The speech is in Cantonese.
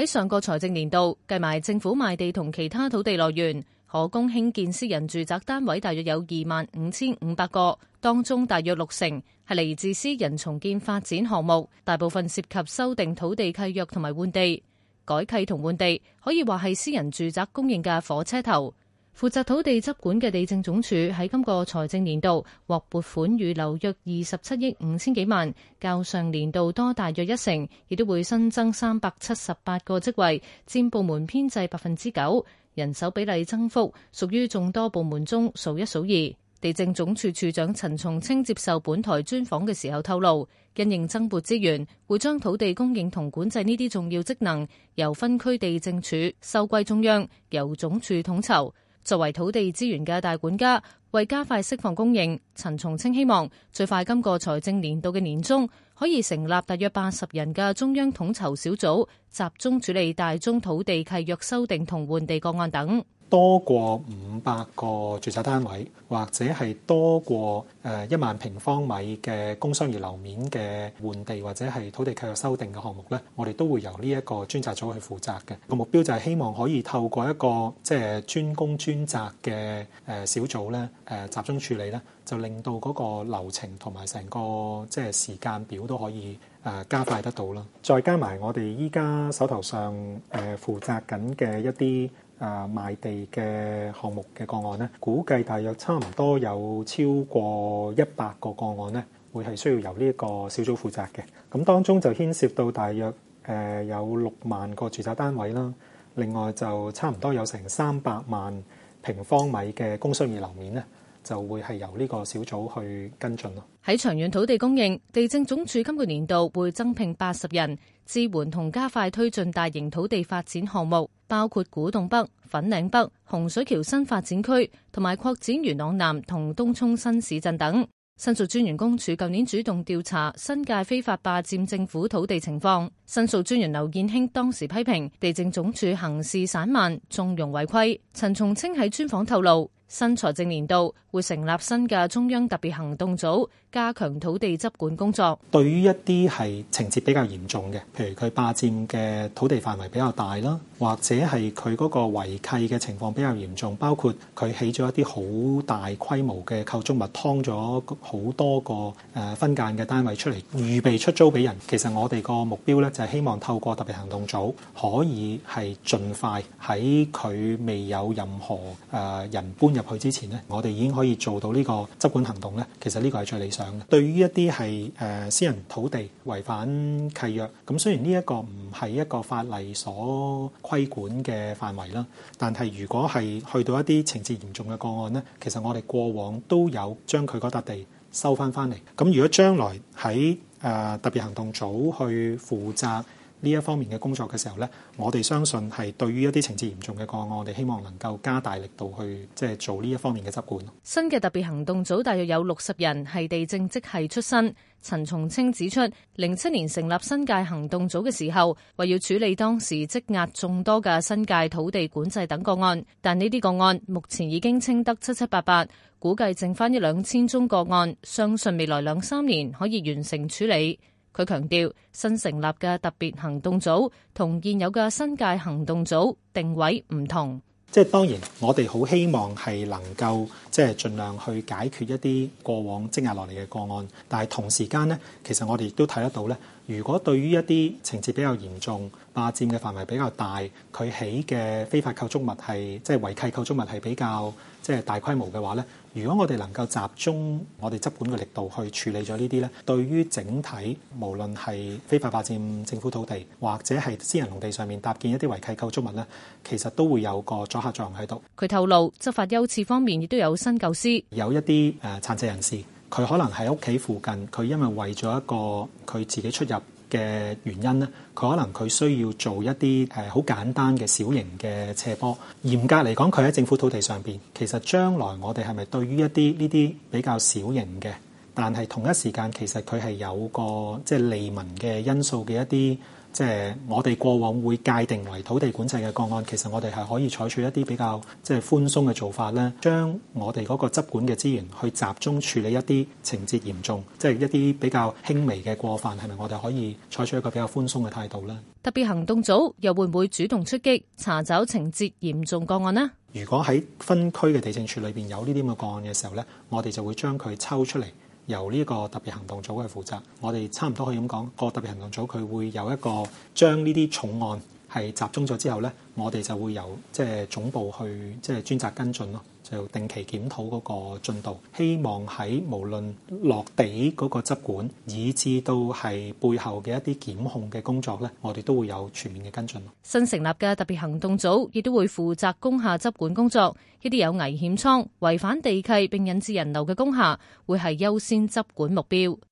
喺上個財政年度，計埋政府賣地同其他土地來源，可供興建私人住宅單位大約有二萬五千五百個，當中大約六成係嚟自私人重建發展項目，大部分涉及修訂土地契約同埋換地、改契同換地，可以話係私人住宅供應嘅火車頭。負責土地執管嘅地政總署喺今個財政年度獲撥款預留約二十七億五千幾萬，較上年度多大約一成，亦都會新增三百七十八個職位，佔部門編制百分之九，人手比例增幅屬於眾多部門中數一數二。地政總署署長陳松青接受本台專訪嘅時候透露，因應增撥資源，會將土地供應同管制呢啲重要職能由分區地政署收歸中央，由總署統籌。作為土地資源嘅大管家，為加快釋放供應，陳松青希望最快今個財政年度嘅年中可以成立大約八十人嘅中央統籌小組，集中處理大宗土地契約修訂同換地個案等，多過五。百個住宅單位，或者係多過誒一萬平方米嘅工商業樓面嘅換地，或者係土地契約修訂嘅項目呢，我哋都會由呢一個專責組去負責嘅。個目標就係希望可以透過一個即係專工專責嘅誒小組呢，誒、呃、集中處理呢，就令到嗰個流程同埋成個即係時間表都可以誒、呃、加快得到啦。再加埋我哋依家手頭上誒負責緊嘅一啲，啊！賣地嘅項目嘅個案咧，估計大約差唔多有超過一百個個案咧，會係需要由呢一個小組負責嘅。咁當中就牽涉到大約、呃、有六萬個住宅單位啦，另外就差唔多有成三百萬平方米嘅公商業樓面咧。就會係由呢個小組去跟進咯。喺長遠土地供應，地政總署今個年度會增聘八十人，支援同加快推進大型土地發展項目，包括古洞北、粉嶺北、洪水橋新發展區同埋擴展元朗南同東涌新市鎮等。申訴專員公署舊年主動調查新界非法霸佔政府土地情況，申訴專員劉燕卿當時批評地政總署行事散漫，縱容違規。陳松青喺專訪透露。新財政年度會成立新嘅中央特別行動組，加強土地執管工作。對於一啲係情節比較嚴重嘅，譬如佢霸占嘅土地範圍比較大啦，或者係佢嗰個違契嘅情況比較嚴重，包括佢起咗一啲好大規模嘅構築物，劏咗好多個誒分間嘅單位出嚟，預備出租俾人。其實我哋個目標咧就係希望透過特別行動組可以係盡快喺佢未有任何誒人搬入入去之前呢，我哋已經可以做到呢個執管行動呢。其實呢個係最理想嘅。對於一啲係誒私人土地違反契約咁，雖然呢一個唔係一個法例所規管嘅範圍啦，但係如果係去到一啲情節嚴重嘅個案呢，其實我哋過往都有將佢嗰笪地收翻翻嚟。咁如果將來喺誒特別行動組去負責呢一方面嘅工作嘅時候咧，我哋相信係對於一啲情節嚴重嘅個案，我哋希望能夠加大力度去即係、就是、做呢一方面嘅執管。新嘅特別行動組大約有六十人係地政職系出身。陳松青指出，零七年成立新界行動組嘅時候，為要處理當時積壓眾多嘅新界土地管制等個案，但呢啲個案目前已經清得七七八八，估計剩翻一兩千宗個案，相信未來兩三年可以完成處理。佢強調新成立嘅特別行動組同現有嘅新界行動組定位唔同，即係當然我哋好希望係能夠即係儘量去解決一啲過往積壓落嚟嘅個案，但係同時間呢，其實我哋亦都睇得到咧。如果對於一啲情節比較嚴重、霸佔嘅範圍比較大、佢起嘅非法構築物係即係違契構築物係比較即係大規模嘅話呢，如果我哋能夠集中我哋執管嘅力度去處理咗呢啲呢，對於整體無論係非法霸佔政府土地或者係私人農地上面搭建一啲違契構築物呢，其實都會有個阻嚇作用喺度。佢透露執法優次方面亦都有新構思，有一啲誒殘疾人士。佢可能喺屋企附近，佢因為為咗一個佢自己出入嘅原因咧，佢可能佢需要做一啲誒好簡單嘅小型嘅斜坡。嚴格嚟講，佢喺政府土地上邊，其實將來我哋係咪對於一啲呢啲比較小型嘅，但係同一時間，其實，佢係有個即係利民嘅因素嘅一啲？即係我哋過往會界定為土地管制嘅個案，其實我哋係可以採取一啲比較即係寬鬆嘅做法咧，將我哋嗰個執管嘅資源去集中處理一啲情節嚴重，即係一啲比較輕微嘅過犯，係咪我哋可以採取一個比較寬鬆嘅態度咧？特別行動組又會唔會主動出擊查找情節嚴重個案咧？如果喺分區嘅地政處裏邊有呢啲咁嘅個案嘅時候咧，我哋就會將佢抽出嚟。由呢個特別行動組去負責，我哋差唔多可以咁講。個特別行動組佢會有一個將呢啲重案。係集中咗之後呢，我哋就會由即係總部去即係專責跟進咯，就定期檢討嗰個進度。希望喺無論落地嗰個執管，以至到係背後嘅一啲檢控嘅工作呢，我哋都會有全面嘅跟進。新成立嘅特別行動組亦都會負責工廈執管工作。一啲有危險倉、違反地契並引致人流嘅工廈會係優先執管目標。